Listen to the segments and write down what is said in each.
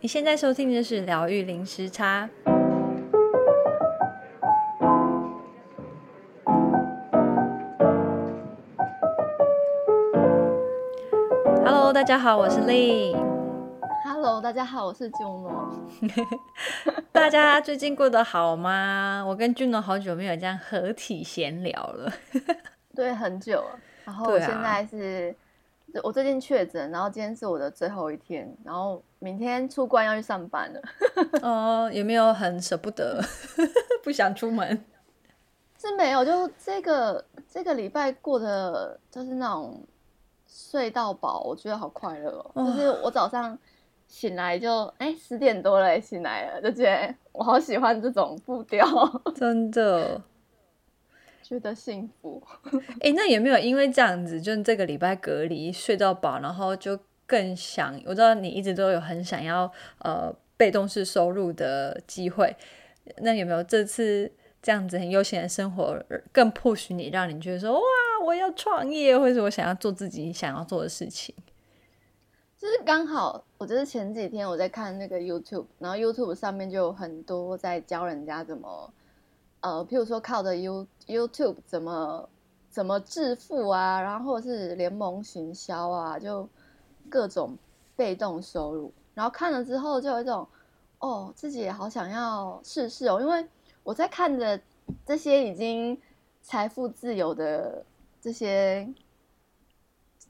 你現在收聽的是《療癒零時差》。Hello，大家好，我是 Lynn。Hello，大家好，我是 Juno。 大家最近過得好嗎？ 我跟 Juno 好久沒有這樣合體閒聊了。 對，很久了。然後我現在是。我最近確診，然後今天是我的最後一天，然後明天出關要去上班了。呃、 哦，有沒有很捨不得， 不想出門？是沒有，就這個這個禮拜過的就是那種睡到飽，我覺得好快樂哦。就、哦、是我早上醒來就哎十點多了醒來了，就覺得我好喜歡這種步調， 真的。覺得幸福，誒、欸，那有沒有因為這樣子，就是這個禮拜隔離睡到飽，然後就更想？我知道你一直都有很想要呃被動式收入的機會，那有沒有這次這樣子很悠閒的生活更迫使你，讓你覺得說哇，我要創業，或者我想要做自己想要做的事情？就是剛好，我就是前幾天我在看那個 YouTube，然後 YouTube 上面就有很多在教人家怎麼。呃，譬如說靠着 You YouTube 怎麼怎麼致富啊，然後或者是聯盟行銷啊，就各種被動收入。然後看了之後，就有一種哦，自己也好想要試試哦。因為我在看着這些已經財富自由的這些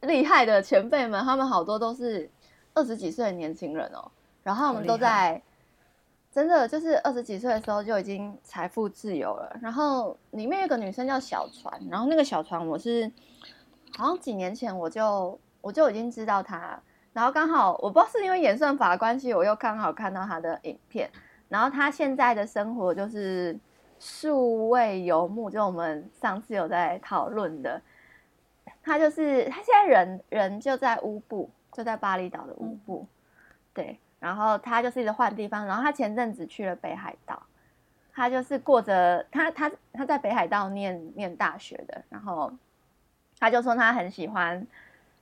厲害的前輩們，他們好多都是二十幾歲的年輕人哦，然後他們都在。真的就是二十幾歲的時候就已經財富自由了。然後裡面有個女生叫小船，然後那個小船我是好像幾年前我就我就已經知道她，然後剛好我不知道是因為演算法的關係，我又剛好看到她的影片。然後她現在的生活就是數位游牧，就我們上次有在討論的，她就是她現在人人就在烏布，就在巴厘島的烏布，嗯、對。然後他就是一直換地方，然後他前陣子去了北海道，他就是過着他他他在北海道念念大學的，然後他就說他很喜歡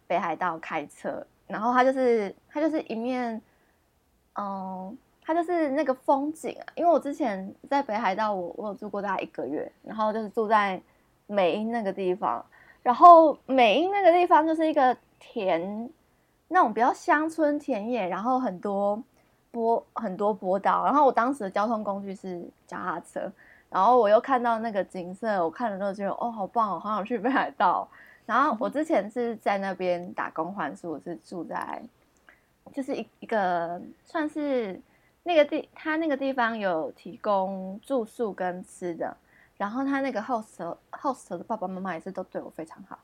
北海道開車，然後他就是他就是一面，嗯，他就是那個風景啊，因為我之前在北海道我，我我有住過大概一個月，然後就是住在美瑛那個地方，然後美瑛那個地方就是一個田。那種比較鄉村田野，然後很多波很多波道，然後我當時的交通工具是腳踏車，然後我又看到那個景色，我看了之後就哦，好棒哦，好想去北海道。然後我之前是在那邊打工換宿，我是住在就是一一個算是那個地，他那個地方有提供住宿跟吃的，然後他那個 host host 的爸爸媽媽也是都對我非常好。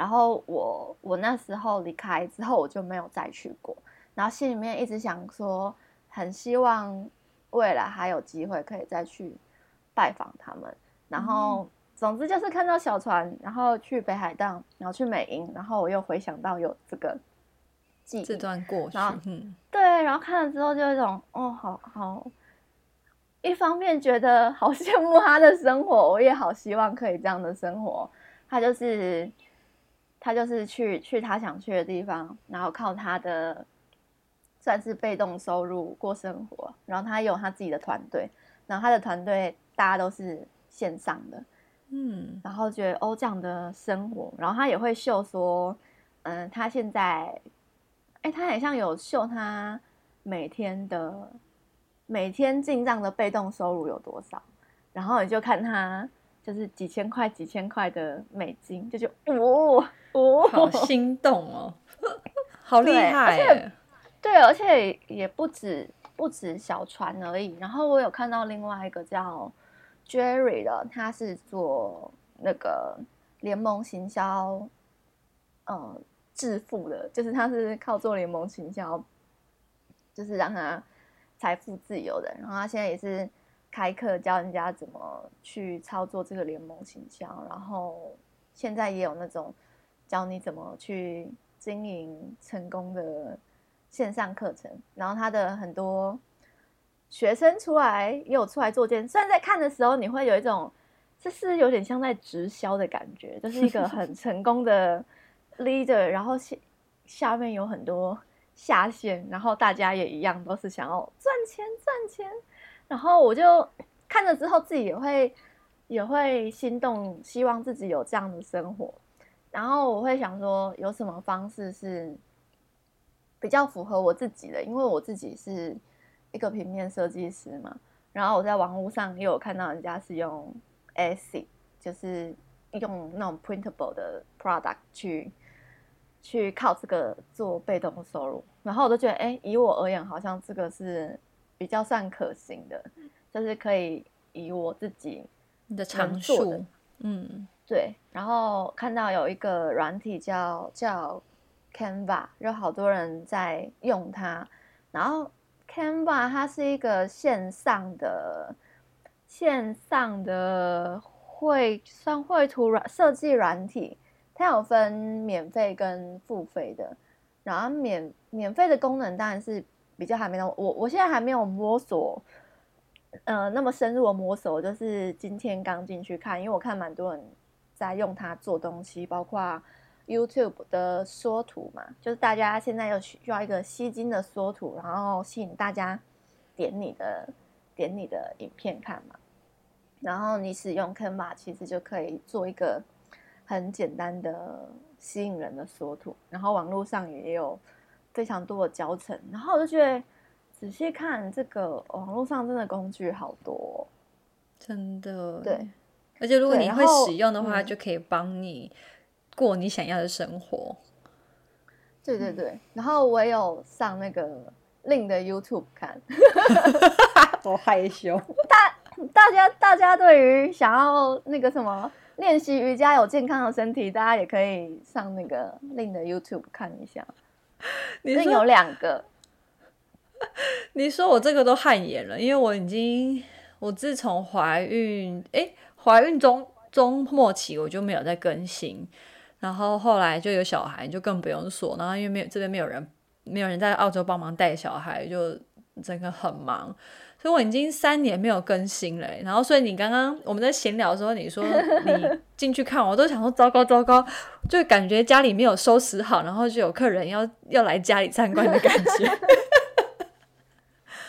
然後我我那時候離開之後，我就沒有再去過。然後心裡面一直想說，很希望未來還有機會可以再去拜訪他們。然後總之就是看到小船，然後去北海道，然後去美瑛，然後我又回想到有這個記這段過程。對，然後看了之後就有一種哦，好好。一方面覺得好羨慕他的生活，我也好希望可以這樣的生活。他就是。他就是去去他想去的地方，然後靠他的算是被動收入過生活，然後他也有他自己的團隊，然後他的團隊大家都是線上的，嗯，然後覺得歐醬的生活，然後他也會秀說，嗯、呃，他現在，哎，他很像有秀他每天的每天進賬的被動收入有多少，然後你就看他就是幾千塊幾千塊的美金，就就哦，哦，哦。Oh, 好心動哦， 好厲厲害！而且，欸、對，而且也不止不止小船而已。然後我有看到另外一個叫 Jerry 的，他是做那個聯盟行銷，呃、嗯，致富的，就是他是靠做聯盟行銷，就是讓他財富自由的。然後他現在也是開課教人家怎麼去操作這個聯盟行銷，然後現在也有那種。教你怎麼去經營成功的線上課程，然後他的很多學生出來也有出來做兼，雖然在看的時候你會有一種，這是有點像在直銷的感覺，就是一個很成功的 leader， 然後下面有很多下線，然後大家也一樣都是想要賺錢賺錢，然後我就看了之後自己也會也會心動，希望自己有這樣的生活。然後我會想說，有什麼方式是比較符合我自己的？因為我自己是一個平面設計師嘛。然後我在網絡上又有看到人家是用 Etsy，就是用那種 printable 的 product 去去靠這個做被動收入。然後我都覺得，哎，以我而言，好像這個是比較算可行的，就是可以以我自己的長處，嗯。對，然後看到有一個軟體叫叫 Canva，有好多人在用它。然後 Canva 它是一個線上的線上的繪算繪圖軟設計軟體，它有分免費跟付費的。然後免免費的功能當然是比較還沒我我現在還沒有摸索，呃，那麼深入的摸索，我就是今天剛進去看，因為我看蠻多人。在用它做東西，包括 YouTube 的縮圖嘛，就是大家現在又需要一個吸睛的縮圖，然後吸引大家點你的點你的影片看嘛。然後你使用 Canva，其實就可以做一個很簡單的吸引人的縮圖。然後網絡上也有非常多的教程。然後我就覺得仔細看這個、哦、網絡上真的工具好多、哦，真的對。而且如果你會使用的話，嗯、就可以幫你過你想要的生活。對對對，嗯、然後我有上那個 Lynn 的 YouTube 看， 我害羞。 害羞，大大家大家對於想要那個什麼練習瑜伽、有健康的身體，大家也可以上那個 Lynn 的 YouTube 看一下。你<說 >Lynn 有兩個。你說我這個都汗顏了，因為我已經我自從懷孕、欸懷孕中中末期我就沒有再更新，然後後來就有小孩就更不用說，然後因為沒有這邊沒有人，沒有人在澳洲幫忙帶小孩，就真的很忙，所以我已經三年沒有更新了、欸。然後所以你剛剛我們在閒聊的時候，你說你進去看，我都想說糟糕糟糕，就感覺家裡沒有收拾好，然後就有客人要要來家裡參觀的感覺。誒、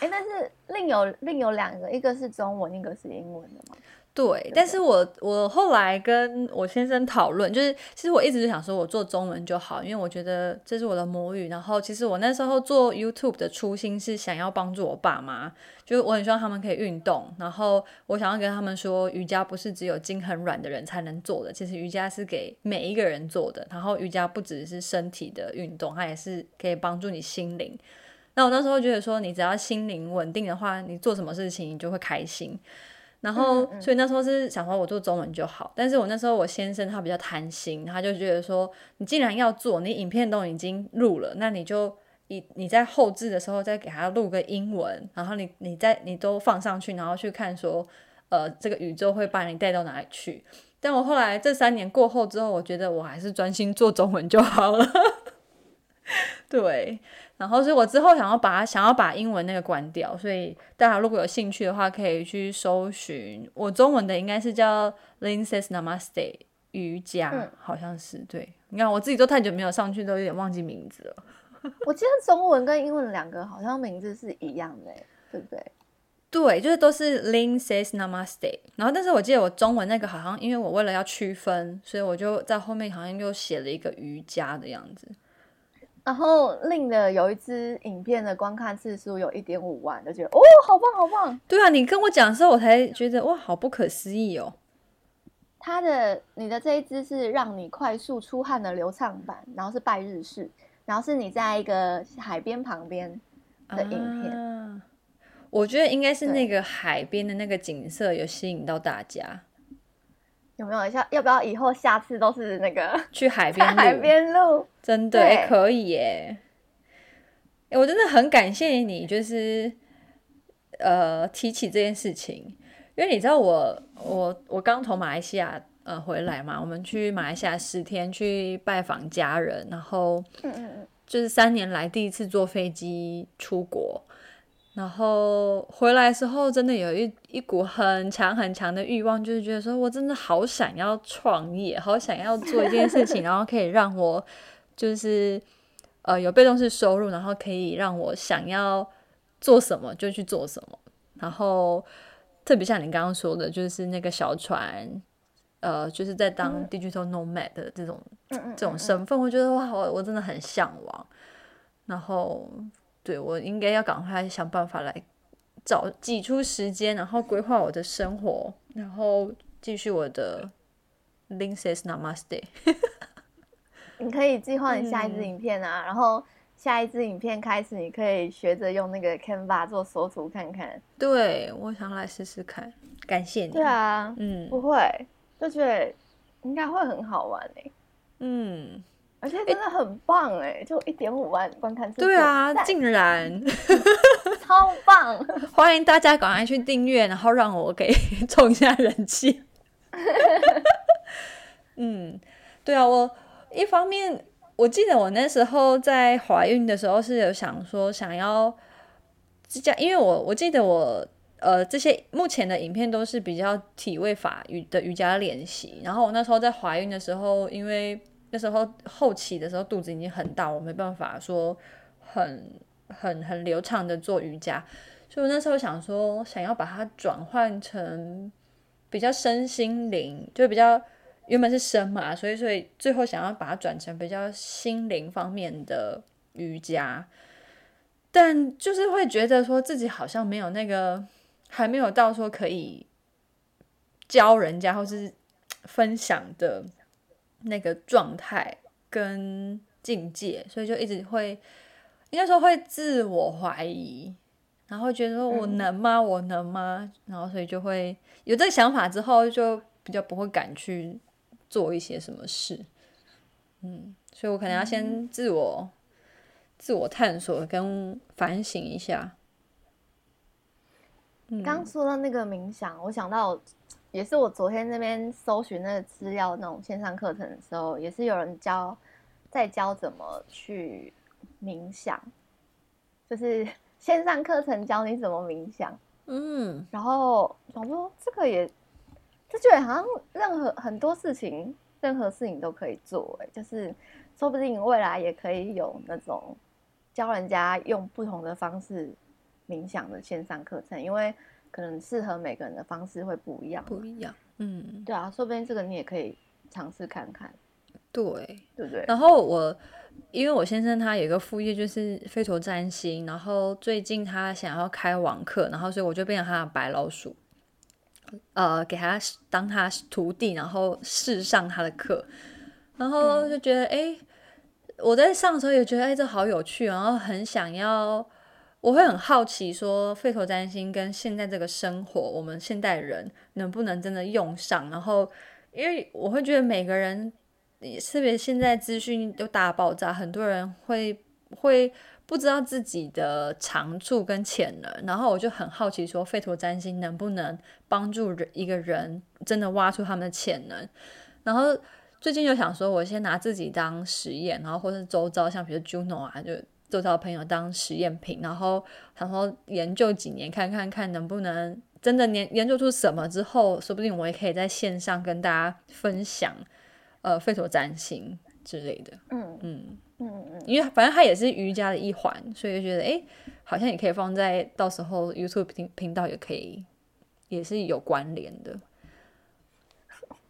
欸，但是另有另有兩個，一個是中文，一個是英文的嗎？對，但是我我後來跟我先生討論，就是其實我一直就想說我做中文就好，因為我覺得這是我的母語。然後其實我那時候做 YouTube 的初心是想要幫助我爸媽，就是我很希望他們可以運動。然後我想要跟他們說，瑜伽不是只有筋很軟的人才能做的，其實瑜伽是給每一個人做的。然後瑜伽不只是身體的運動，它也是可以幫助你心靈。那我那時候覺得說，你只要心靈穩定的話，你做什麼事情你就會開心。然後，嗯嗯，所以那時候是想說我做中文就好，但是我那時候我先生他比較貪心，他就覺得說，你既然要做，你影片都已經錄了，那你就你你在後製的時候再給他錄個英文，然後你你再你都放上去，然後去看說，呃，這個宇宙會把你帶到哪裡去？但我後來這三年過後之後，我覺得我還是專心做中文就好了。 對，然後所以我之後想要把想要把英文那個關掉，所以大家如果有興趣的話，可以去搜尋我中文的，應該是叫 Lynn Says Namaste，瑜伽、嗯、好像是對。你看，我自己都太久沒有上去，都有點忘記名字了。我記得中文跟英文兩個好像名字是一樣的，對不對？對，就是都是 Lynn Says Namaste。然後，但是我記得我中文那個好像，因為我為了要區分，所以我就在後面好像又寫了一個瑜伽的樣子。然後另的有一支影片的觀看次數有一點五萬，就覺得哦，好棒，好棒！對啊，你跟我講的時候，我才覺得哇，好不可思議哦。它的你的這一支是讓你快速出汗的流暢版，然後是拜日式，然後是你在一個海邊旁邊的影片。啊，我覺得應該是那個海邊的那個景色有吸引到大家。有沒有要要不要以後下次都是那個去海邊 海邊錄，真的對、欸、可以耶、欸！我真的很感謝你，就是呃提起這件事情，因為你知道我我我剛從馬來西亞呃回來嘛，我們去馬來西亞十天去拜訪家人，然後就是三年來第一次坐飛機出國。然後回來之後，真的有一一股很強很強的欲望，就是覺得說我真的好想要創業，好想要做一件事情， 然後可以讓我就是呃有被動式收入，然後可以讓我想要做什麼就去做什麼。然後特別像你剛剛說的，就是那個小船，呃，就是在當 digital nomad 的這種這種身份，我覺得哇，我真的很嚮往。然後。對，我應該要趕快想辦法來找擠出時間，然後規劃我的生活，然後繼續我的。Lynn Says Namaste。 你可以計劃你下一支影片啊，嗯、然後下一支影片開始，你可以學着用那個 Canva 做縮圖看看。對，我想來試試看。感謝你。對啊，嗯，不會，就覺得應該會很好玩哎。嗯。而且真的很棒誒、欸，欸、就一點五萬觀看次數，對啊，竟然， 超棒！歡迎大家趕快去訂閱，然後讓我給 衝一下人氣。 嗯，對啊，我一方面，我記得我那時候在懷孕的時候是有想說想要瑜伽，因為我我記得我呃這些目前的影片都是比較體位法語的瑜伽練習，然後我那時候在懷孕的時候因為。那時候後期的時候肚子已經很大，我沒辦法說很很很流暢的做瑜伽，所以我那時候想說想要把它轉換成比較身心靈，就比較原本是身嘛，所以所以最後想要把它轉成比較心靈方面的瑜伽，但就是會覺得說自己好像沒有那個還沒有到說可以教人家或是分享的。那個狀態跟境界，所以就一直會，應該說會自我懷疑，然後覺得說我能嗎？嗯、我能嗎？然後所以就會有這個想法之後，就比較不會敢去做一些什麼事。嗯，所以我可能要先自我、嗯、自我探索跟反省一下。剛、嗯、說到那個冥想，我想到。也是我昨天那邊搜尋那個資料，那種線上課程的時候，也是有人教在教怎麼去冥想，就是線上課程教你怎麼冥想，嗯，然後想說這個也，這就覺得好像任何很多事情，任何事情都可以做，欸，就是說不定未來也可以有那種教人家用不同的方式冥想的線上課程，因為。可能適合每個人的方式會不一樣，不一樣，嗯，對啊，說不定這個你也可以嘗試看看，對，對對。然後我因為我先生他有一個副業就是吠陀占星，然後最近他想要開網課，然後所以我就變成他的白老鼠，嗯、呃，給他當他徒弟，然後試上他的課，然後就覺得哎、嗯欸，我在上的時候也覺得哎、欸，這好有趣，然後很想要。我會很好奇，說吠陀占星跟現在這個生活，我們現代人能不能真的用上？然後，因為我會覺得每個人，特別現在資訊都大爆炸，很多人會會不知道自己的長處跟潛能。然後我就很好奇，說吠陀占星能不能幫助人一個人真的挖出他們的潛能？然後最近又想說，我先拿自己當實驗，然後或是周遭，像比如 Juno 啊，就。多少朋友當實驗品，然後然後研究幾年，看看看能不能真的研研究出什麼之後，說不定我也可以在線上跟大家分享，呃，吠陀占星之類的。嗯嗯嗯，因為反正它也是瑜伽的一環，所以就覺得哎、欸，好像也可以放在到時候 YouTube 頻頻道也可以，也是有關聯的。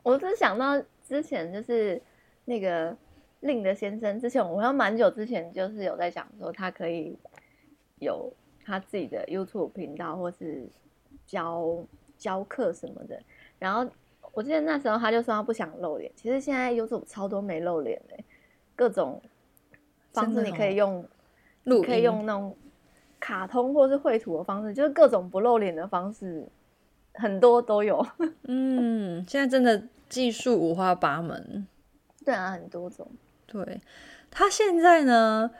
我是想到之前就是那個。Lynn 的先生之前，我好像蠻久之前，就是有在講說他可以有他自己的 YouTube 頻道，或是教教課什麼的。然後我記得那時候他就說他不想露臉。其實現在 YouTube 超多沒露臉、欸、各種方式你可以用錄，哦、你可以用那種卡通或是繪圖的方式，就是各種不露臉的方式，很多都有。 嗯，現在真的技術五花八門。對啊，很多種。對，他現在呢，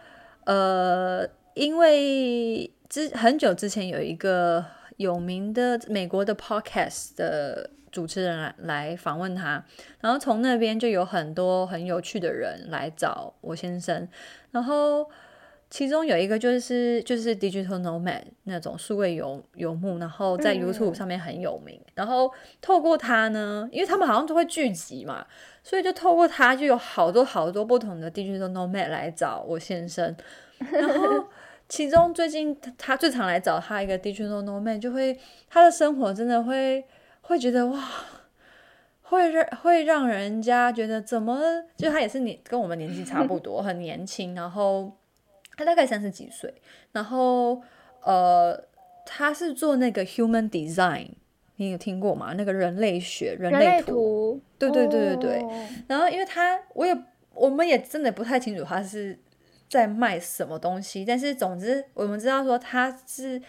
呃，因為之很久之前有一個有名的美國的 podcast 的主持人來來訪問他，然後從那邊就有很多很有趣的人來找我先生，然後。其中有一個就是就是 digital nomad 那種數位游遊牧，然後在 YouTube 上面很有名。嗯、然後透過他呢，因為他們好像都會聚集嘛，所以就透過他就有好多好多不同的 digital nomad 來找我先生。然後其中最近他最常來找他一個 digital nomad，就會他的生活真的會會覺得哇，會讓會讓人家覺得怎麼就他也是年跟我們年紀差不多， 很年輕，然後。他大概三十幾歲，然後呃，他是做那個 Human Design，你有聽過嗎？那個人類學，人類圖，人類圖對對對對對。哦、然後，因為他，我也，我們也真的不太清楚他是在賣什麼東西，但是總之，我們知道說他是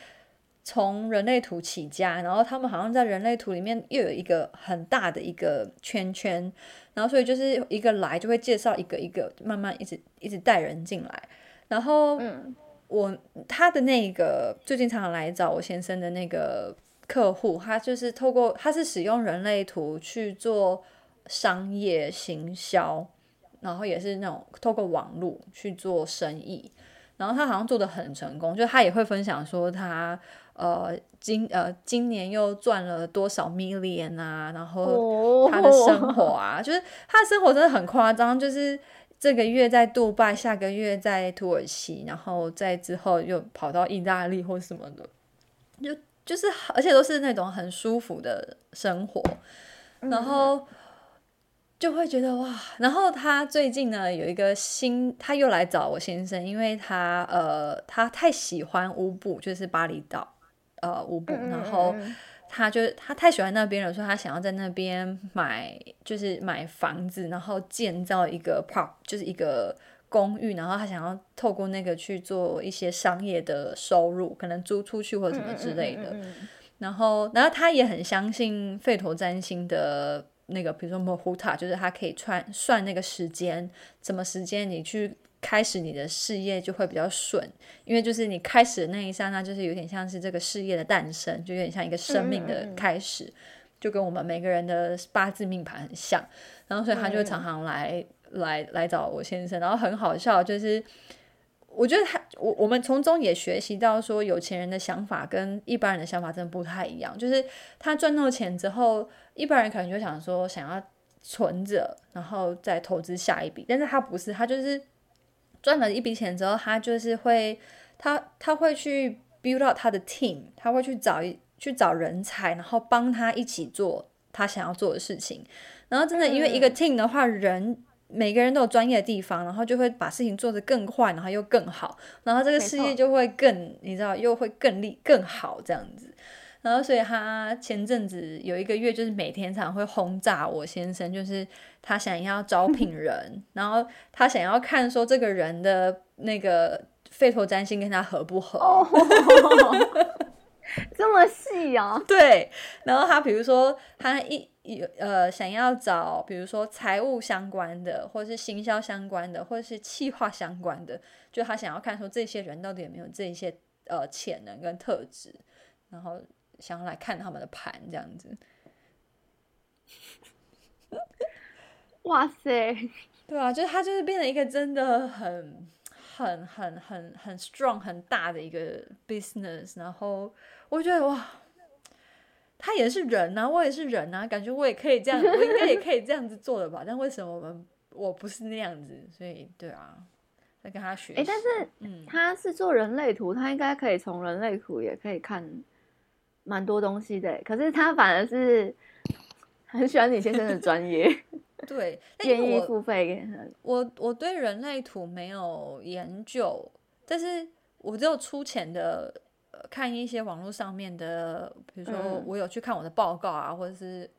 從人類圖起家，然後他們好像在人類圖裡面又有一個很大的一個圈圈，然後所以就是一個來就會介紹一個一個，慢慢一直一直帶人進來。然後、嗯、我他的那個最近常常來找我先生的那個客戶，他就是透過他是使用人類圖去做商業行銷，然後也是那種透過網絡去做生意，然後他好像做得很成功，就是他也會分享說他呃今呃今年又賺了多少 million 啊，然後他的生活啊，哦、就是他的生活真的很誇張，就是。這個月在杜拜，下個月在土耳其，然後再之後又跑到意大利或什麼的，就就是而且都是那種很舒服的生活，然後就會覺得哇！然後他最近呢有一個新，他又來找我先生，因為他呃他太喜歡烏布，就是巴厘島呃烏布，然後。他就是他太喜歡那邊了，說他想要在那邊買，就是買房子，然後建造一個 park，就是一個公寓，然後他想要透過那個去做一些商業的收入，可能租出去或者什麼之類的。嗯嗯嗯嗯、然後，然後他也很相信吠陀占星的那個，比如說摩呼塔，就是他可以算算那個時間，什麼時間你去。開始你的事業就會比較順，因為就是你開始的那一剎那，就是有點像是這個事業的誕生，就有點像一個生命的開始，嗯嗯嗯，就跟我們每個人的八字命盤很像。然後所以他就常常來嗯嗯來來找我先生，然後很好笑，就是我覺得他我，我們從中也學習到說，有錢人的想法跟一般人的想法真的不太一樣。就是他賺到錢之後，一般人可能就想說想要存着，然後再投資下一筆，但是他不是，他就是。賺了一筆錢之後，他就是會，他他會去 build out 他的 team，他會去找一去找人才，然後幫他一起做他想要做的事情。然後真的，因為一個 team 的話，嗯、人每個人都有專業的地方，然後就會把事情做得更快，然後又更好，然後這個事業就會更，沒錯。你知道，又會更利，更好這樣子。然後，所以他前陣子有一個月，就是每天常會轟炸我先生，就是他想要招聘人，嗯、然後他想要看說這個人的那個吠陀占星跟他合不合，哦、 這麼細啊？對。然後他比如說他一呃想要找，比如說財務相關的，或是行銷相關的，或者是企劃相關的，就他想要看說這些人到底有沒有這一些呃潛能跟特質，然後，想要來看他們的盤，這樣子。哇塞！對啊，就是他，就是變成一個真的很、很、很、很、很 strong 很大的一個 business。然後我覺得，哇，他也是人吶、啊，我也是人吶、啊，感覺我也可以這樣，我應該也可以這樣子做的吧？ 但為什麼我們我不是那樣子？所以，對啊，在跟他學。哎、欸，但是，他是做人類圖，嗯、他應該可以從人類圖也可以看。蠻多東西的，欸，可是他反而是很喜歡李先生的專業， 對，建議付費。我我對人類圖沒有研究，但是我只有粗淺的、呃、看一些網絡上面的，比如說我有去看我的報告啊，嗯，或者是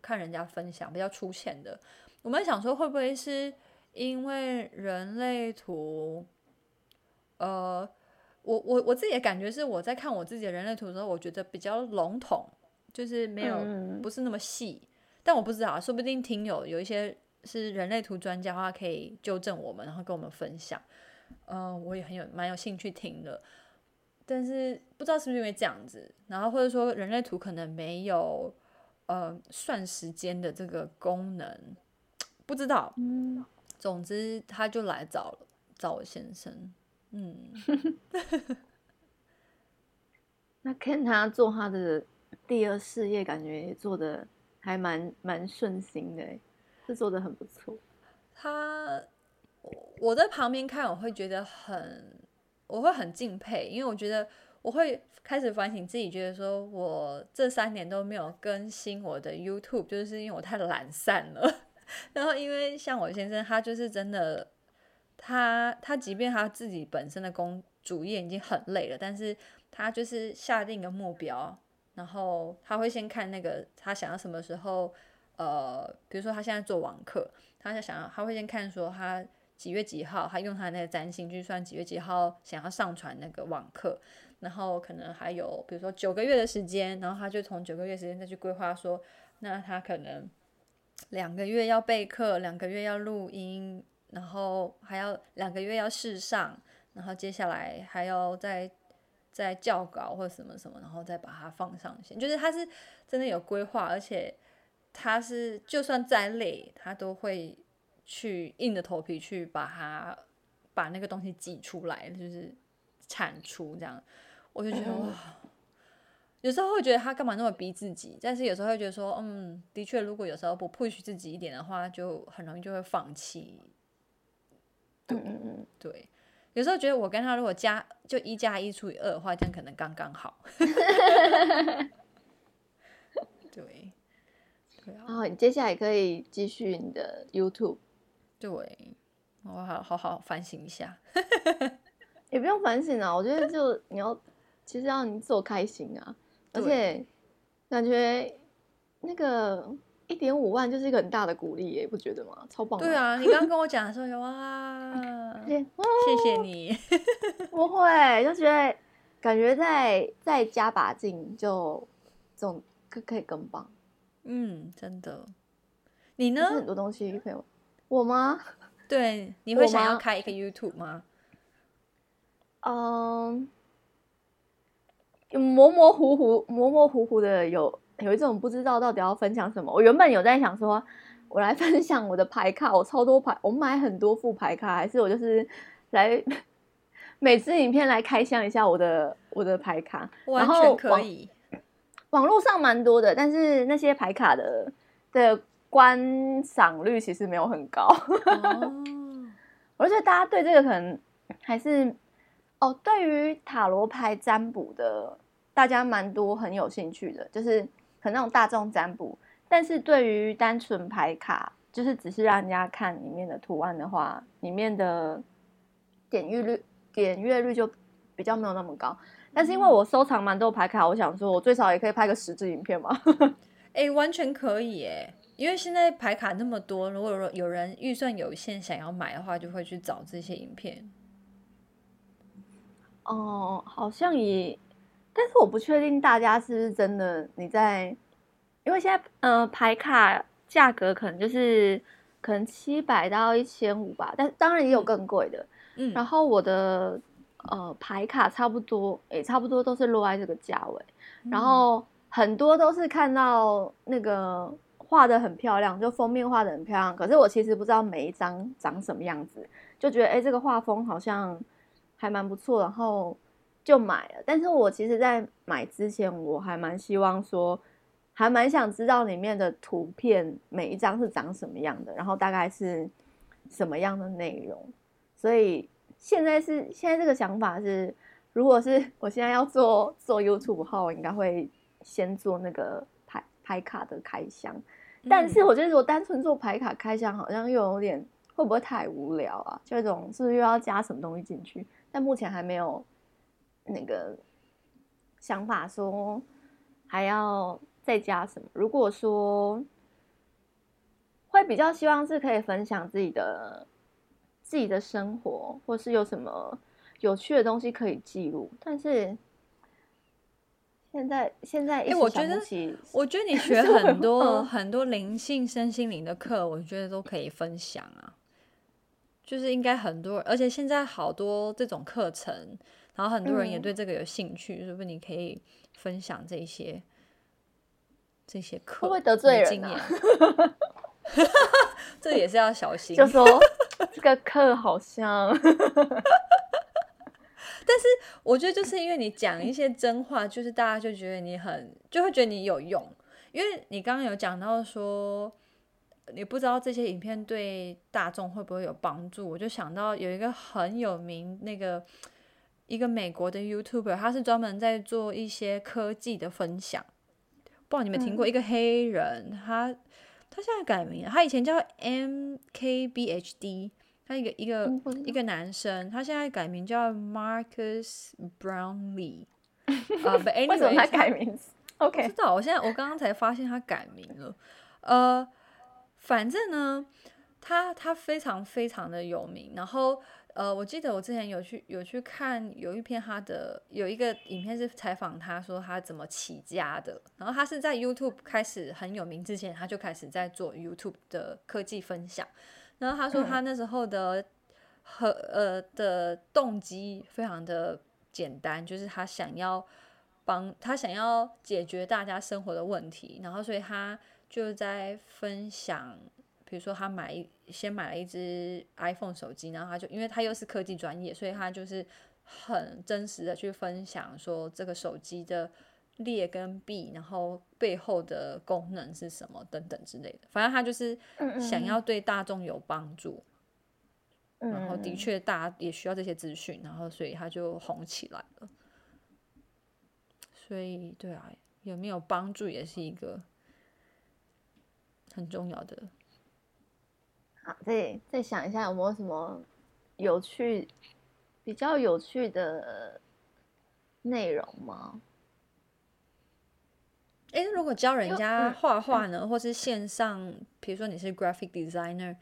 看人家分享比較粗淺的。我們想說會不會是因為人類圖，呃。我我我自己的感覺是，我在看我自己的人類圖的時候，我覺得比較籠統，就是沒有不是那麼細。嗯、但我不知道說不定聽友有，有一些是人類圖專家的話，可以糾正我們，然後跟我們分享。嗯、呃，我也很有蠻有興趣聽的，但是不知道是不是因為這樣子，然後或者說人類圖可能沒有呃算時間的這個功能，不知道。嗯、總之他就來找了找我先生。嗯， 那看他做他的第二事業，感覺也做得還蠻蠻順心的，是做得很不錯。他，我在旁邊看，我會覺得很，我會很敬佩，因為我覺得我會開始反省自己，覺得說我這三年都沒有更新我的 YouTube，就是因為我太懶散了。 然後因為像我先生，他就是真的。他他即便他自己本身的工主業已經很累了，但是他就是下定一個目標，然後他會先看那個他想要什麼時候，呃，比如說他現在做網課，他就想要他會先看說他幾月幾號，他用他那個占星去算幾月幾號想要上傳那個網課，然後可能還有比如說九個月的時間，然後他就從九個月時間再去規劃說，那他可能兩個月要備課，兩個月要錄音。然後還要兩個月要試上，然後接下來還要再再校稿，或者什麼什麼，然後再把它放上去。就是他是真的有規劃，而且他是就算再累，他都會去硬着頭皮去把它把那個東西擠出來，就是產出這樣。我就覺得哇，Oh. 有時候會覺得他幹嘛那麼逼自己，但是有時候會覺得說，嗯，的確，如果有時候不 push 自己一點的話，就很容易就會放棄。嗯對嗯嗯，對，有時候覺得我跟他如果加就一加一除以二的話，這樣可能剛剛好。 對對啊，然後、哦、你接下來可以繼續你的 YouTube。對，我好好好反省一下， 也不用反省啊，我覺得就你要， 其實要你做開心啊，對而且感覺那個。一點五萬就是一個很大的鼓勵耶，欸，不覺得嗎？超棒的！對啊，你剛剛跟我講的時候有啊，謝謝你。 我會就覺得感覺再再加把勁就，就總可可以更棒。嗯，真的。你呢？很多東西。可以。我嗎？對，你會想要開一個 YouTube 嗎？嗯，模模糊糊，模模糊糊的有。有一種不知道到底要分享什麼。我原本有在想說，我來分享我的牌卡，我超多牌，我買很多副牌卡，還是我就是來每次影片來開箱一下我的我的牌卡。完全可以。網絡上蠻多的，但是那些牌卡的的觀賞率其實沒有很高。哦、 我覺得大家對這個可能還是哦，對於塔羅牌占卜的，大家蠻多很有興趣的，就是。可能那種大眾占卜，但是對於單純牌卡，就是只是讓人家看裡面的圖案的話，裡面的點閱率點閱率就比較沒有那麼高。但是因為我收藏蠻多牌卡，我想說我最少也可以拍個十支影片嘛。誒、欸，完全可以哎、欸，因為現在牌卡那麼多，如果說有人預算有限想要買的話，就會去找這些影片。哦、嗯，好像也。但是我不確定大家是不是真的你在，因為現在呃牌卡價格可能就是可能七百到一千五吧，但當然也有更貴的，嗯，然後我的呃牌卡差不多也、欸、差不多都是落在這個價位，然後很多都是看到那個畫的很漂亮，就封面畫的很漂亮，可是我其實不知道每一張長什麼樣子，就覺得哎、欸、這個畫風好像還蠻不錯，然後。就買了，但是我其實，在買之前，我還蠻希望說，還蠻想知道裡面的圖片每一張是長什麼樣的，然後大概是什麼樣的內容。所以現在是現在這個想法是，如果是我現在要做做 YouTube 號，我應該會先做那個牌牌卡的開箱。嗯、但是我覺得，如果單純做牌卡開箱，好像又有點會不會太無聊啊？就這種是不是又要加什麼東西進去？但目前還沒有。那個想法說還要再加什麼？如果說會比較希望是可以分享自己的自己的生活，或是有什麼有趣的東西可以記錄。但是現在現在，哎、欸，我覺得我覺得你學很多 很多靈性、身心靈的課，我覺得都可以分享啊。就是應該很多，而且現在好多這種課程。然後很多人也對這個有興趣，嗯、是不是你可以分享這些這些課，不會得罪人、啊。 這也是要小心。就說 這個課好像， 但是我覺得，就是因為你講一些真話，就是大家就覺得你很，就會覺得你有用。因為你剛剛有講到說，你不知道這些影片對大眾會不會有幫助，我就想到有一個很有名那個。一個美國的 YouTuber，他是專門在做一些科技的分享，不知道你們聽過。嗯、一個黑人，他他現在改名了，他以前叫 MKBHD，他一個一個的一個男生，他現在改名叫 Marcus Brownlee。啊，為什麼他改名字？OK，不知道，Okay. 我現在我剛剛才發現他改名了。呃，反正呢，他他非常非常的有名，然後。呃，我記得我之前有去有去看有一篇他的有一個影片，是採訪他說他怎麼起家的，然後他是在 YouTube 開始很有名之前，他就開始在做 YouTube 的科技分享，然後他說他那時候的、嗯、和呃的動機非常的簡單，就是他想要幫他想要解決大家生活的問題，然後所以他就在分享。比如說，他買一先買了一只 iPhone 手機，然後他就，因為他又是科技專業，所以他就是很真實的去分享說這個手機的利跟弊，然後背後的功能是什麼等等之類的。反正他就是想要對大眾有幫助，嗯嗯然後的確大家也需要這些資訊，然後所以他就紅起來了。所以，對啊，有沒有幫助也是一個很重要的。好，再再想一下，有沒有什麼有趣、比較有趣的內容嗎？哎、欸，如果教人家畫畫呢，為或是線上，嗯、比如說你是 graphic designer，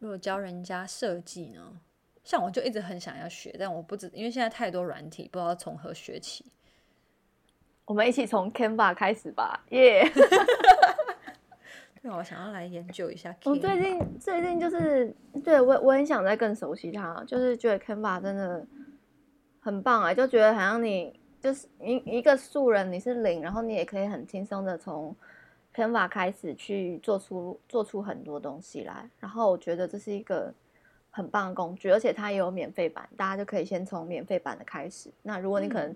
如果教人家設計呢，像我就一直很想要學，但我不知，因為現在太多軟體，不知道從何學起。我們一起從 Canva 開始吧，耶、yeah.！ 那我想要來研究一下。我、oh, 最近最近就是，對，我我很想再更熟悉它，就是覺得 Canva 真的很棒啊，就覺得好像你就是一一個素人，你是零，然後你也可以很輕鬆的從 Canva 開始去做出做出很多東西來。然後我覺得這是一個很棒的工具，而且它也有免費版，大家就可以先從免費版的開始。那如果你可能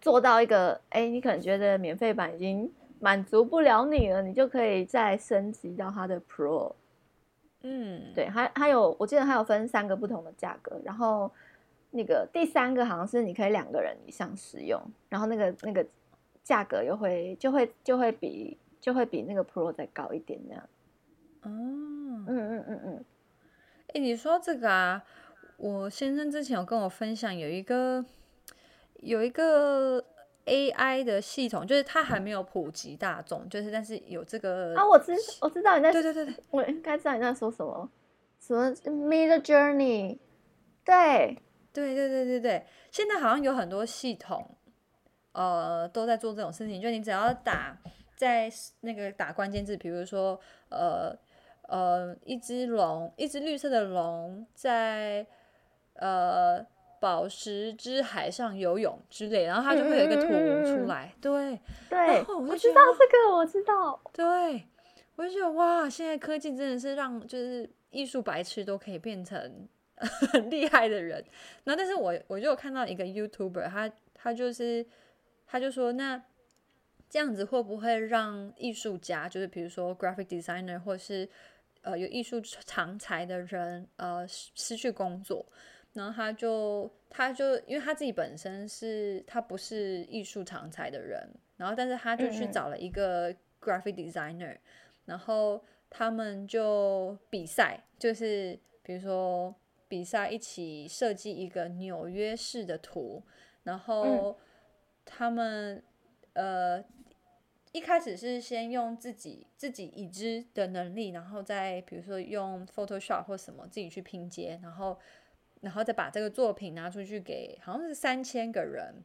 做到一個，哎、嗯，你可能覺得免費版已經。滿足不了你了，你就可以再升級到它的 Pro。嗯，對，還還有，我記得還有分三個不同的價格，然後那個第三個好像是你可以兩個人以上使用，然後那個那個價格又會就會就會比就會比那個 Pro 再高一點這樣。嗯嗯嗯嗯，哎、欸，你說這個啊，我先生之前有跟我分享有，有一個有一個。A I 的系統就是它還沒有普及大眾，就是但是有這個啊，我知我知道你在對對對我應該知道你在說什麼，什麼 MidJourney，對對對對對對，現在好像有很多系統，呃，都在做這種事情，就你只要打在那個打關鍵字，比如說呃呃，一隻龍，一只綠色的龍在呃。寶石之海上游泳之類，然後他就會有一個圖出來。嗯、對，對。哦、我，我知道這個，我知道。對，我就覺得哇，現在科技真的是讓就是藝術白痴都可以變成很厲害的人。那但是我我就有看到一個 YouTuber，他他就是他就說，那這樣子會不會讓藝術家，就是比如說 graphic designer 或是呃有藝術長才的人呃失去工作？然後他就他就因為他自己本身是他不是藝術長才的人，然後但是他就去找了一個 graphic designer，嗯嗯，然後他們就比賽，就是比如說比賽一起設計一個紐約市的圖，然後他們、嗯、呃一開始是先用自己自己已知的能力，然後再比如說用 Photoshop 或什麼自己去拼接，然後。然後再把這個作品拿出去給，好像是三千個人，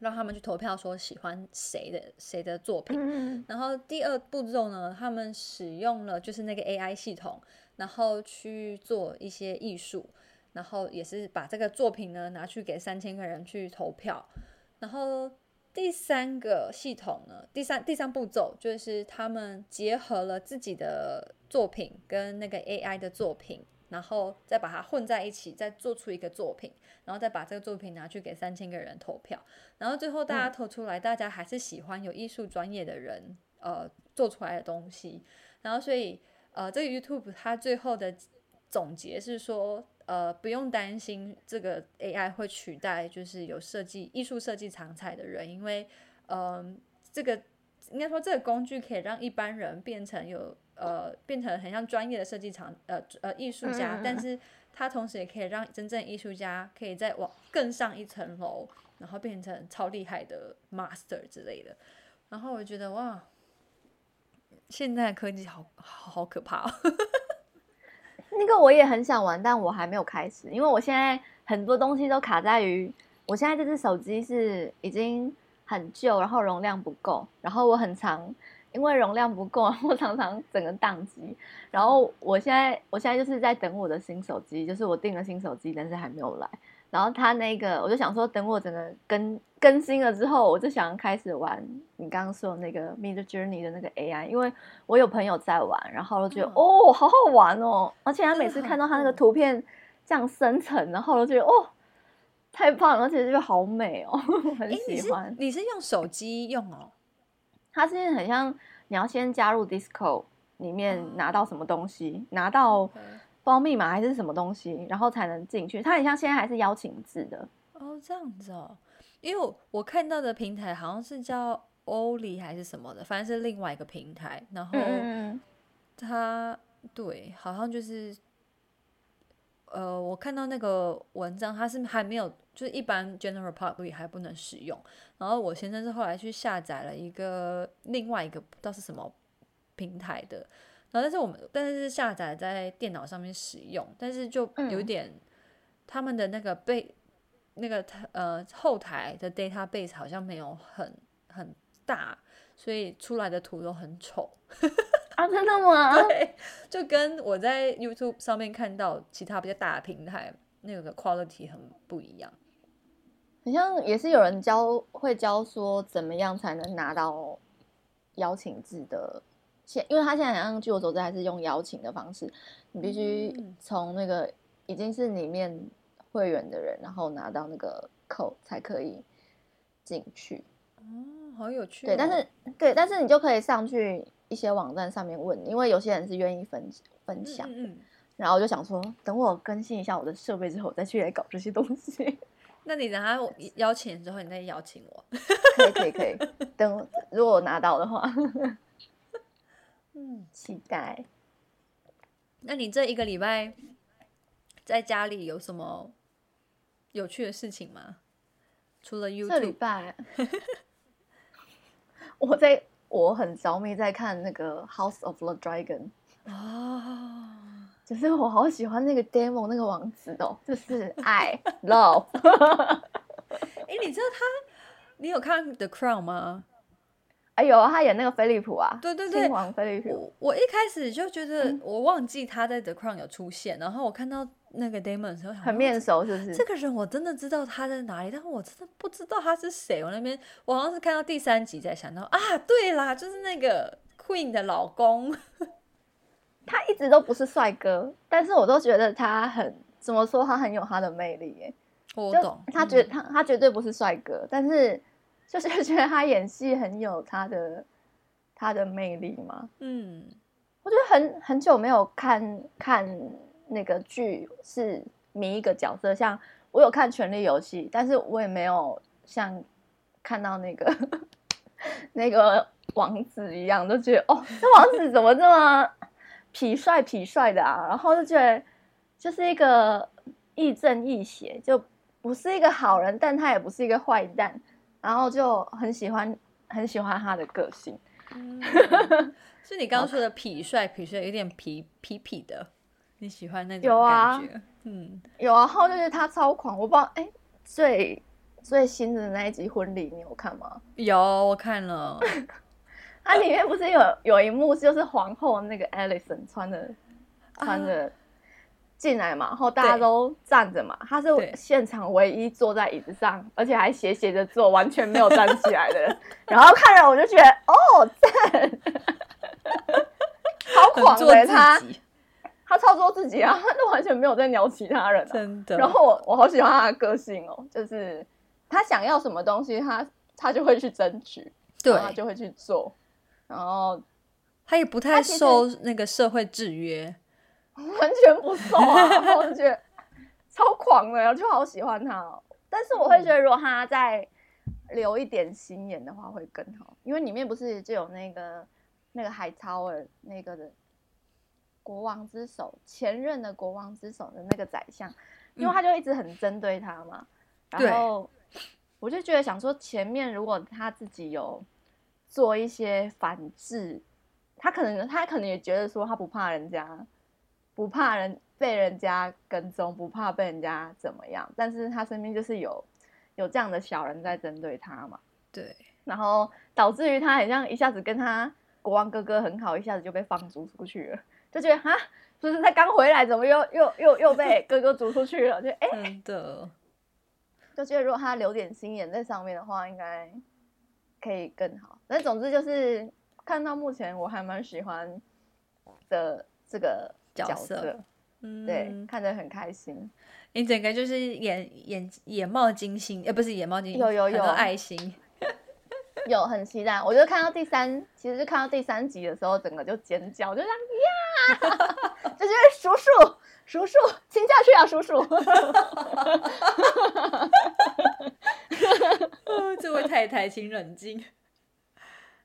讓他們去投票說喜歡誰的誰的作品。然後第二步驟呢，他們使用了就是那個 AI 系統，然後去做一些藝術，然後也是把這個作品呢拿去給三千個人去投票。然後第三個系統呢，第三第三步驟就是他們結合了自己的作品跟那個 AI 的作品。然後再把它混在一起，再做出一個作品，然後再把這個作品拿去給三千個人投票，然後最後大家投出來，嗯、大家還是喜歡有藝術專業的人，呃，做出來的東西。然後所以，呃，這個 YouTube 它最後的總結是說，呃，不用擔心這個 AI 會取代就是有設計、藝術設計長才的人，因為，嗯、呃，這個應該說這個工具可以讓一般人變成有。呃，變成很像專業的設計廠，呃呃藝術家，但是它同時也可以讓真正藝術家可以再往更上一層樓，然後變成超厲害的 master 之類的。然後我覺得哇，現在科技好好，好可怕，哦。 那個我也很想玩，但我還沒有開始，因為我現在很多東西都卡在於，我現在這只手機是已經很舊，然後容量不夠，然後我很長。因為容量不夠，我常常整個宕機。然後我現在，我現在就是在等我的新手機，就是我訂了新手機，但是還沒有來。然後他那個，我就想說，等我整個更更新了之後，我就想開始玩你剛剛說的那個 MidJourney 的那個 AI，因為我有朋友在玩，然後覺得、嗯、哦，好好玩哦。而且他每次看到他那個圖片這樣生成，然後覺得哦，太棒了，而且就好美哦，很喜歡。你是，你是用手機用哦？他現在很像，你要先加入 Discord 裡面拿到什麼東西，嗯、拿到包密碼還是什麼東西，然後才能進去。他很像現在還是邀請制的哦，這樣子哦。因為我看到的平台好像是叫 Oli 還是什麼的，反正是另外一個平台。然後他、嗯、對，好像就是。呃，我看到那個文章，它是還沒有，就是一般 general public 還不能使用。然後我先生是後來去下載了一個另外一個不知道是什麼平台的，然後但是我們但是下載在電腦上面使用，但是就有點他、嗯、們的那個背那個呃後台的 database 好像沒有很很大，所以出來的圖都很醜。 啊，真的嗎？對，就跟我在 YouTube 上面看到其他比較大的平台那個 quality 很不一樣，好像也是有人教會教說怎麼樣才能拿到邀請制的現，因為他現在好像據我所知還是用邀請的方式，你必須從那個已經是裡面會員的人，然後拿到那個 code 才可以進去。哦，好有趣哦。對，但是對，但是你就可以上去一些網站上面問，因為有些人是願意分分享。嗯，嗯，嗯。然後我就想說，等我更新一下我的設備之後，我再去來搞這些東西。那你等他邀請之後，你再邀請我。 可以可以可以。等如果我拿到的話。 嗯，期待。那你這一個禮拜在家裡有什麼有趣的事情嗎？除了 YouTube。這禮拜。 我在我很着迷，在看那個《House of the Dragon》啊，就是我好喜歡那個 Daemon 那個王子哦，就是愛 love、 欸。你知道他？你有看《The Crown》嗎？哎呦，他演那個菲利普啊！對對對，親王菲利普。我一開始就覺得我忘記他在《The Crown》有出現，嗯、然後我看到。那個 Daemon，很面熟，是不是？這個人我真的知道他在哪裡，但是我真的不知道他是誰？我那邊我好像是看到第三集才想到啊，對啦，就是那個 Queen 的老公。他一直都不是帥哥，但是我都覺得他很怎麼說，他很有他的魅力、欸。哎，我懂。他覺得他、嗯、他絕對不是帥哥，但是就是覺得他演戲很有他的他的魅力嘛。嗯，我覺得很很久沒有看看。那個劇是每一個角色，像我有看《權力遊戲》，但是我也沒有像看到那個呵呵那個王子一樣，都覺得哦，那王子怎麼這麼痞帥、痞帥的啊？然後就覺得就是一個亦正亦邪，就不是一個好人，但他也不是一個壞蛋，然後就很喜歡很喜歡他的個性。嗯，是你剛剛說的痞帥、痞帥，有點痞痞痞的。你喜歡那種感覺，嗯，有啊，嗯、有啊，然後就是他超狂，我不知道，哎、欸，最最新的那一集婚禮你有看嗎？有，我看了。它 裡面不是有有一幕，就是皇後那個 Allison 穿着、啊、穿着進來嘛，然後大家都站着嘛，對他是現場唯一坐在椅子上，對而且還斜斜着坐，完全沒有站起來的。 然後看着我就覺得，哦，讚，超 狂的他他操作自己啊，那完全沒有在聊其他人，啊，真的。然後我我好喜歡他的個性哦，就是他想要什麼東西他，他他就會去爭取，對，然後他就會去做。然後他也不太受那個社會制約，完全不受啊！我覺得 超狂的，啊，就好喜歡他。哦。但是我會覺得，如果他再留一點心眼的話會更好，因為裡面不是就有那個那個海超爾那個的。國王之手，前任的國王之手的那個宰相，因為他就一直很針對他嘛，然後我就覺得想說，前面如果他自己有做一些反制，他可能他可能也覺得說他不怕人家，不怕人被人家跟蹤，不怕被人家怎麼樣，但是他身邊就是有有這樣的小人在針對他嘛，對，然後導致於他好像一下子跟他國王哥哥很好，一下子就被放逐出去了。就覺得啊，不、就是他剛回來，怎麼又又又又被哥哥逐出去了？ 就、欸、真的，就覺得如果他留點心眼在上面的話，應該可以更好。那總之就是看到目前我還蠻喜歡的這個角色，角色，嗯，對，看着很開心。你整個就是眼眼眼冒金星，呃、欸，不是眼冒金星，有有有，有愛心。有很期待，我就看到第三，其實就看到第三集的時候，整個就尖叫，我就這樣呀， 就，就是叔叔叔叔，親下去啊，叔叔。 這位太太，請冷靜。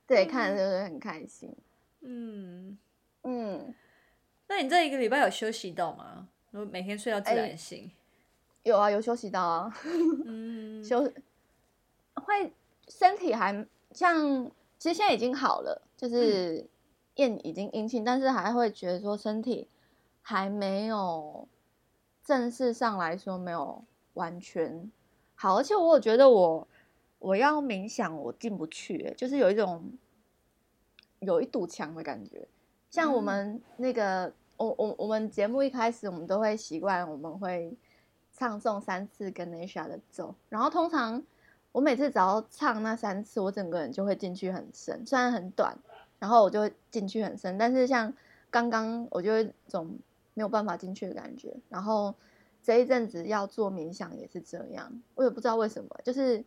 對，看着就是很開心。嗯嗯，嗯那你這一個禮拜有休息到嗎？有沒有每天睡到自然醒、欸。有啊，有休息到啊。 嗯，休會。身體還像，其實現在已經好了，就是咽、嗯、已經陰性，但是還會覺得說身體還沒有正式上來說沒有完全好，而且我有覺得我我要冥想我進不去，就是有一種有一堵牆的感覺。像我們那個，嗯、我我我們節目一開始我們都會習慣我們會唱誦三次跟 Ganesha 的咒，然後通常。我每次只要唱那三次，我整個人就會進去很深，雖然很短，然後我就會進去很深。但是像剛剛，我就會總沒有辦法進去的感覺。然後這一陣子要做冥想也是這樣，我也不知道為什麼，就是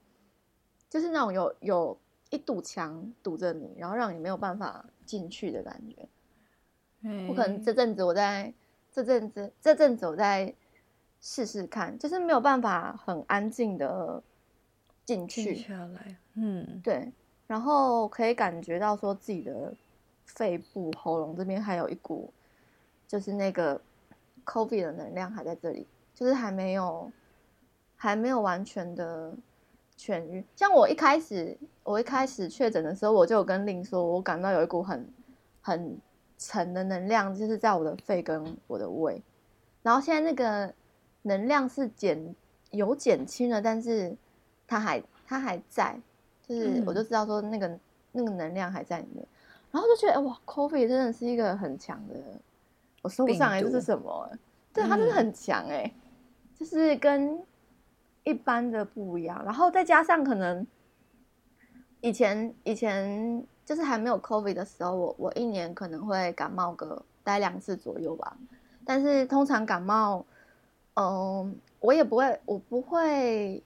就是那種有有一堵牆堵着你，然後讓你沒有辦法進去的感覺。嗯，我可能這陣子我在這陣子這陣子我在試試看，就是沒有辦法很安靜的進去，嗯，對，然後可以感覺到說自己的肺部、喉嚨這邊還有一股，就是那個 COVID 的能量還在這裡，就是還沒有，還沒有完全的痊癒。像我一開始，我一開始確診的時候，我就有跟 Lynn 說，我感到有一股很很沉的能量，就是在我的肺跟我的胃。然後現在那個能量是減，有減輕了，但是。他還他還在，就是我就知道說那個、嗯、那個能量還在裡面，然後就覺得、欸、哇，COVID 真的是一個很強的，病毒。我說不上來這是什麼，嗯、對他真的很強哎、欸，就是跟一般的不一樣。然後再加上可能以前以前就是還沒有 COVID 的時候，我我一年可能會感冒個待兩次左右吧，但是通常感冒，嗯，我也不會，我不會。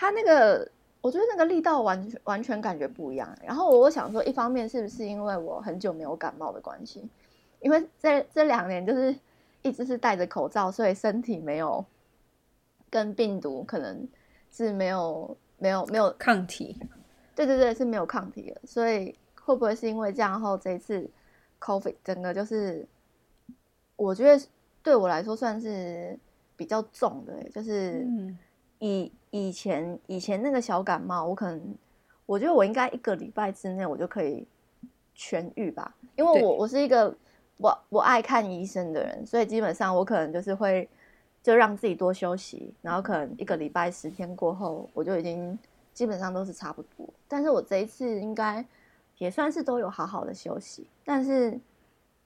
他那個，我覺得那個力道完完全感覺不一樣。然後我想說，一方面是不是因為我很久沒有感冒的關係？因為這這兩年就是一直是戴着口罩，所以身體沒有跟病毒可能是沒有沒有沒有抗體。對對對，是沒有抗體的，所以會不會是因為這樣？然後這一次 COVID 整個就是，我覺得對我來說算是比較重的，就是、嗯、以。以前以前那個小感冒，我可能我覺得我應該一個禮拜之內我就可以痊癒吧，因為我我是一個不對不愛看醫生的人，所以基本上我可能就是會就讓自己多休息，然後可能一個禮拜十天過後，我就已經基本上都是差不多。但是我這一次應該也算是都有好好的休息，但是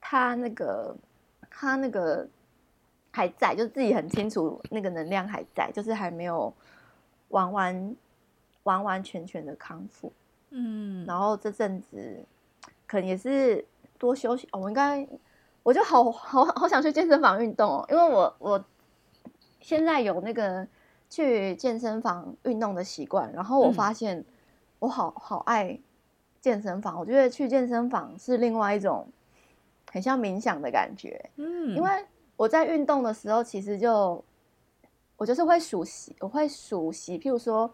他那個他那個還在，就自己很清楚那個能量還在，就是還沒有。完完完完全全的康復，嗯，然後這陣子可能也是多休息。哦、我應該，我就好好好想去健身房運動哦，因為我我現在有那個去健身房運動的習慣，然後我發現我好、嗯、好、好愛健身房，我覺得去健身房是另外一種很像冥想的感覺，嗯，因為我在運動的時候其實就。我就是會數息，我會數息。譬如說，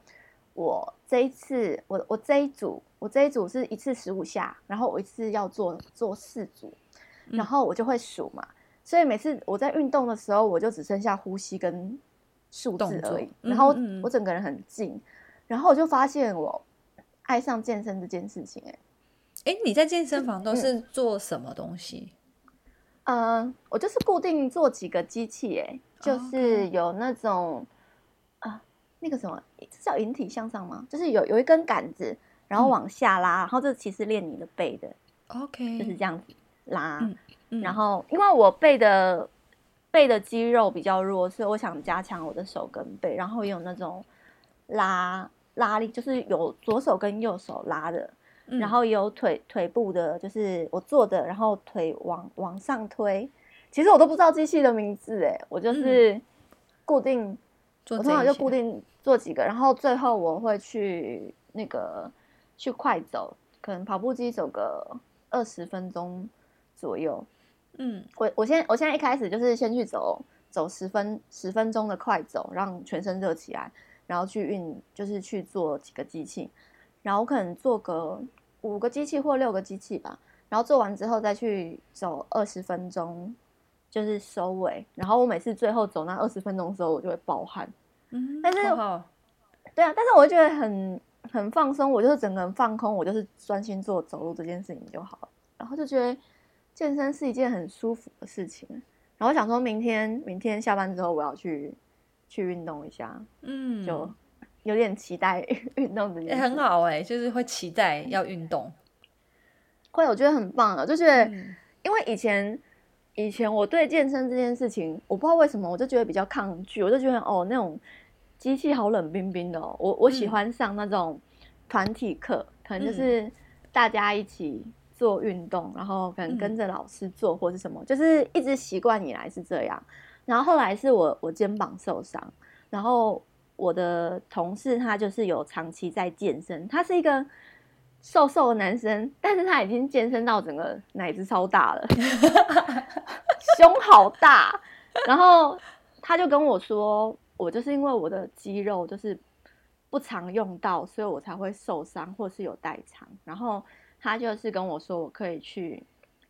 我這一次，我我這一組，我這一組是一次十五下，然後我一次要做做四組，然後我就會數嘛。嗯、所以每次我在運動的時候，我就只剩下呼吸跟數字而已。嗯嗯，然後我整個人很靜，然後我就發現我愛上健身這件事情、欸。哎，你在健身房都是做什麼東西？嗯嗯、呃，我就是固定做幾個機器、欸，哎。就是有那種，Oh, okay. 啊，那個什麼，這叫引體向上嗎？就是有有一根杆子，然後往下拉，嗯、然後這其實練你的背的。OK，就是這樣子拉。嗯嗯、然後因為我背的背的肌肉比較弱，所以我想加強我的手跟背，然後也有那種拉拉力，就是有左手跟右手拉的，嗯、然後也有腿腿部的，就是我坐的，然後腿往往上推。其實我都不知道機器的名字哎、欸，我就是固定，嗯、我通常就固定做幾個，然後最後我會去那個去快走，可能跑步機走個二十分鐘左右。嗯，我我現在我現在一開始就是先去走走十分十分鐘的快走，讓全身熱起來，然後去運就是去做幾個機器，然後我可能做個五個機器或六個機器吧，然後做完之後再去走二十分鐘。就是收尾，然後我每次最後走那二十分鐘的時候，我就會暴汗。嗯哼，但是，哦、好對啊，但是我覺得很很放鬆，我就是整個人放空，我就是專心做走路這件事情就好了。然後就覺得健身是一件很舒服的事情。然後我想說，明天明天下班之後我要去去運動一下，嗯，就有點期待運 動。人、欸、很好哎、欸，就是會期待要運動。會、嗯，嗯、我覺得很棒啊，就是、嗯、因為以前。以前我對健身這件事情，我不知道為什麼，我就覺得比較抗拒。我就覺得哦，那種機器好冷冰冰的、哦。我我喜歡上那種團體課，嗯、可能就是大家一起做運動，嗯、然後可能跟着老師做或者是什麼，嗯、就是一直習慣以來是這樣。然後後來是我我肩膀受傷，然後我的同事他就是有長期在健身，他是一個。瘦瘦的男生，但是他已經健身到整個奶子超大了， 胸好大。 然後他就跟我說：“我就是因為我的肌肉就是不常用到，所以我才會受傷或是有代償。”然後他就是跟我說：“我可以去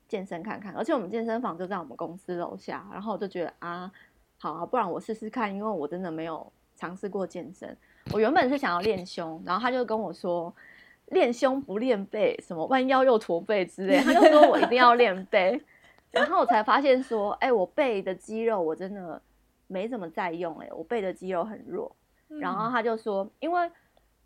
健身看看。”而且我們健身房就在我們公司樓下。然後就覺得啊，好啊，不然我試試看，因為我真的沒有嘗試過健身。我原本是想要練胸，然後他就跟我說。練胸不練背，什麼彎腰又駝背之類的， 他就說我一定要練背， 然後我才發現說，哎、欸，我背的肌肉我真的沒怎麼在用、欸，哎，我背的肌肉很弱。嗯、然後他就說，因為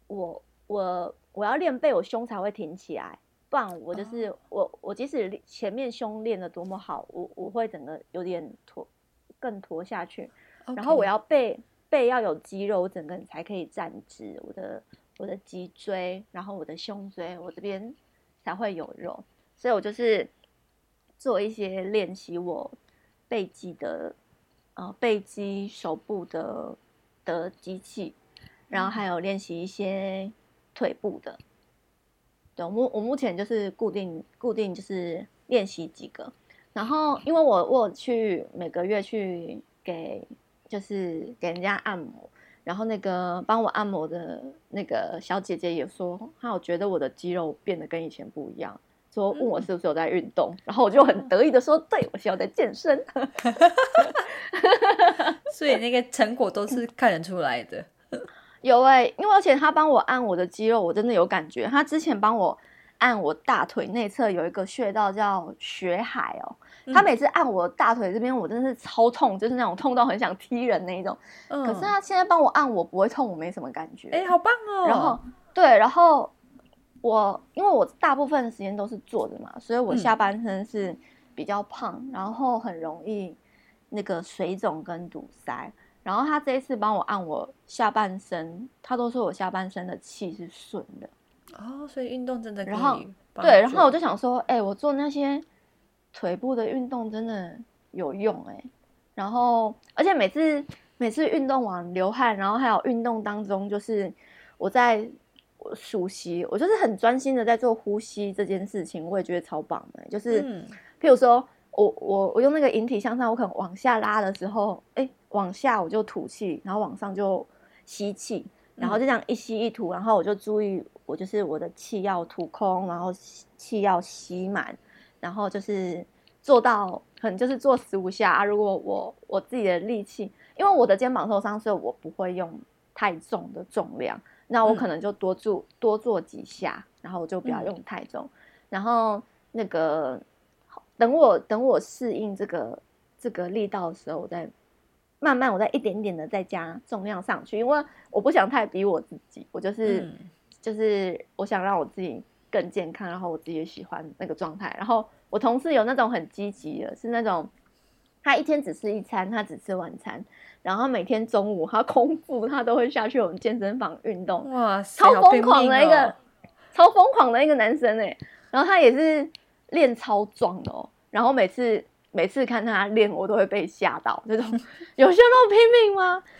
我我我要練背，我胸才會挺起來，不然我就是我、oh. 我即使前面胸練得多麼好，我我會整個有點駝，更駝下去。Okay. 然後我要背背要有肌肉，我整個人才可以站直我的。我的脊椎，然後我的胸椎，我這邊才會有肉，所以我就是做一些練習，我背肌的，呃，背肌、手部的的機器，然後還有練習一些腿部的。對，我我目前就是固定固定就是練習幾個，然後因為我我去每個月去給就是給人家按摩。然後那個幫我按摩的那個小姐姐也說，她有覺得我的肌肉變得跟以前不一樣，說問我是不是有在運動，嗯、然後我就很得意的說，嗯、對，我是在健身。 所以那個成果都是看得出來的。 有哎、欸，因為而且她幫我按我的肌肉，我真的有感覺。她之前幫我。按我大腿內側有一個穴道叫血海哦，嗯、他每次按我大腿這邊，我真的是超痛，就是那種痛到很想踢人那一種。嗯、可是他現在幫我按，我不會痛，我沒什麼感覺。哎、欸，好棒哦！然後對，然後我因為我大部分的時間都是坐着嘛，所以我下半身是比較胖，嗯、然後很容易那個水腫跟堵塞。然後他這一次幫我按我下半身，他都說我下半身的氣是順的。哦，所以運動真的可以對，然後我就想說，哎、欸，我做那些腿部的運動真的有用哎、欸。然後，而且每次每次運動完流汗，然後還有運動當中，就是我在我熟悉，我就是很專心的在做呼吸這件事情，我也覺得超棒的、欸。就是，嗯，譬如說我我我用那個引體向上，我可能往下拉的時候，哎、欸，往下我就吐氣，然後往上就吸氣，然後就這樣一吸一吐，然後我就注意。我就是我的氣要吐空，然後氣要吸滿，然後就是做到可能就是做十五下。啊、如果我我自己的力氣，因為我的肩膀受傷，所以我不會用太重的重量。那我可能就多做、嗯、多做幾下，然後就不要用太重。嗯、然後那個等我等我適應這個這個力道的時候，我再慢慢我再一點點的再加重量上去，因為我不想太逼我自己，我就是。嗯就是我想讓我自己更健康，然後我自己也喜歡那個狀態。然後我同事有那種很積極的，是那種他一天只吃一餐，他只吃晚餐，然後每天中午他空腹，他都會下去我們健身房運動。哇塞，超瘋狂的一個，哦、超瘋狂的一個男生哎、欸。然後他也是練超壯的哦。然後每次每次看他練，我都會被嚇到。這種 有需要那麼拼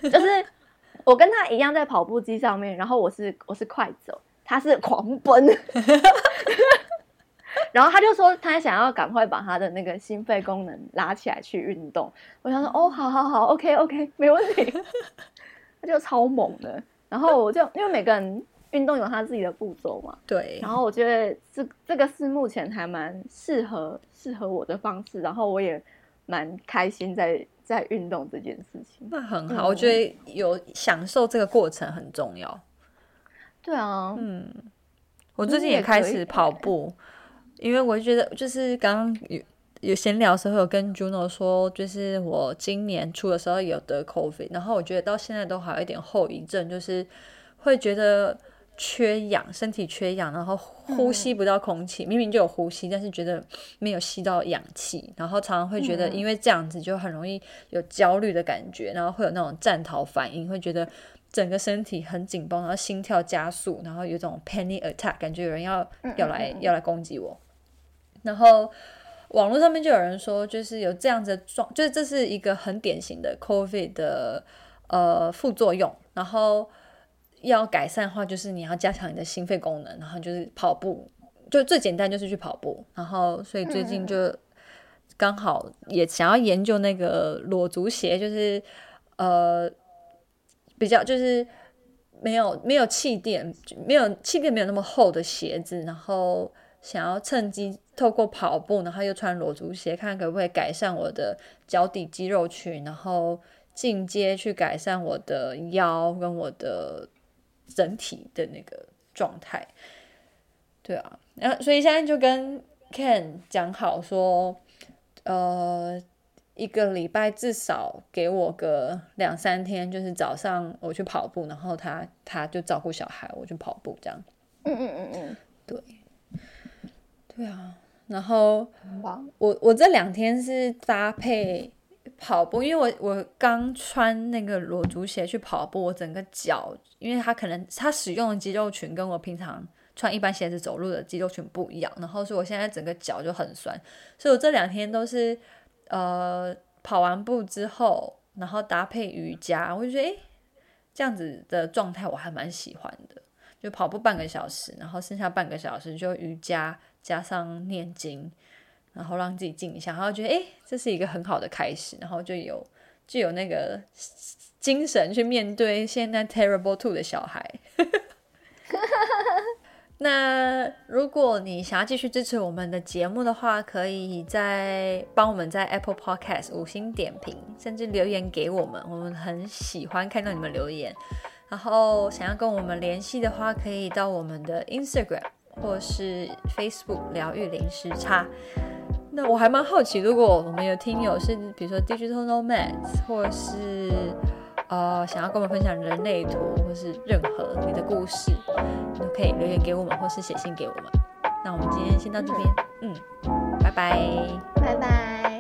命嗎？就是。 我跟他一樣在跑步機上面，然後我是我是快走，他是狂奔， 然後他就說他想要趕快把他的那個心肺功能拉起來去運動。我想說哦，好好好，OK OK，沒問題。他就超猛的，然後我就因為每個人運動有他自己的步驟嘛，對。然後我覺得這這個是目前還蠻適合適合我的方式，然後我也蠻開心在。在運動這件事情，那很好，嗯，我覺得有享受這個過程很重要。對啊，嗯，我最近也開始跑步，因為我覺得就是剛剛有有閒聊的時候，有跟 Juno 說，就是我今年初的時候有得 COVID，然後我覺得到現在都還有一點後遺症，就是會覺得，缺氧，身體缺氧，然後呼吸不到空氣。嗯、明明就有呼吸，但是覺得沒有吸到氧氣。然後常常會覺得，因為這樣子就很容易有焦慮的感覺，嗯、然後會有那種戰逃反應，會覺得整個身體很緊繃，然後心跳加速，然後有種 panic attack，感覺有人要嗯嗯嗯要來要來攻擊我。然後網絡上面就有人說，就是有這樣子的狀，就是這是一個很典型的 COVID 的呃副作用。然後。要改善的話，就是你要加強你的心肺功能，然後就是跑步，就最簡單就是去跑步。然後，所以最近就剛好也想要研究那個裸足鞋，就是呃比較就是沒有沒有氣墊，沒有氣墊沒，沒有那麼厚的鞋子。然後想要趁機透過跑步，然後又穿裸足鞋，看可不可以改善我的腳底肌肉群，然後進階去改善我的腰跟我的。整體的那個狀態，對啊，然後所以現在就跟 Ken 講好說，呃，一個禮拜至少給我個兩三天，就是早上我去跑步，然後他他就照顧小孩，我去跑步這樣。嗯嗯嗯嗯，對，對啊，然後，我我這兩天是搭配。跑步，因為我我剛穿那個裸足鞋去跑步，我整個腳，因為他可能他使用的肌肉群跟我平常穿一般鞋子走路的肌肉群不一樣，然後所以我現在整個腳就很酸，所以我這兩天都是，呃，跑完步之後，然後搭配瑜伽，我就覺得誒這樣子的狀態我還蠻喜歡的，就跑步半個小時，然後剩下半個小時就瑜伽加上念經。然後讓自己靜一下，然後覺得哎，這是一個很好的開始，然後就有就有那個精神去面對現在 terrible two 的小孩。 那如果你想要繼續支持我們的節目的話，可以在幫我們在 Apple Podcast 五星點評，甚至留言給我們，我們很喜歡看到你們留言。然後想要跟我們聯繫的話，可以到我們的 Instagram 或是 Facebook 療癒零時差。那我還蠻好奇，如果我們有聽友是，比如說 Digital Nomads，或是呃想要跟我們分享人類圖，或是任何你的故事，你都可以留言給我們，或是寫信給我們。那我們今天先到這邊，嗯，拜拜、嗯，拜拜。Bye bye。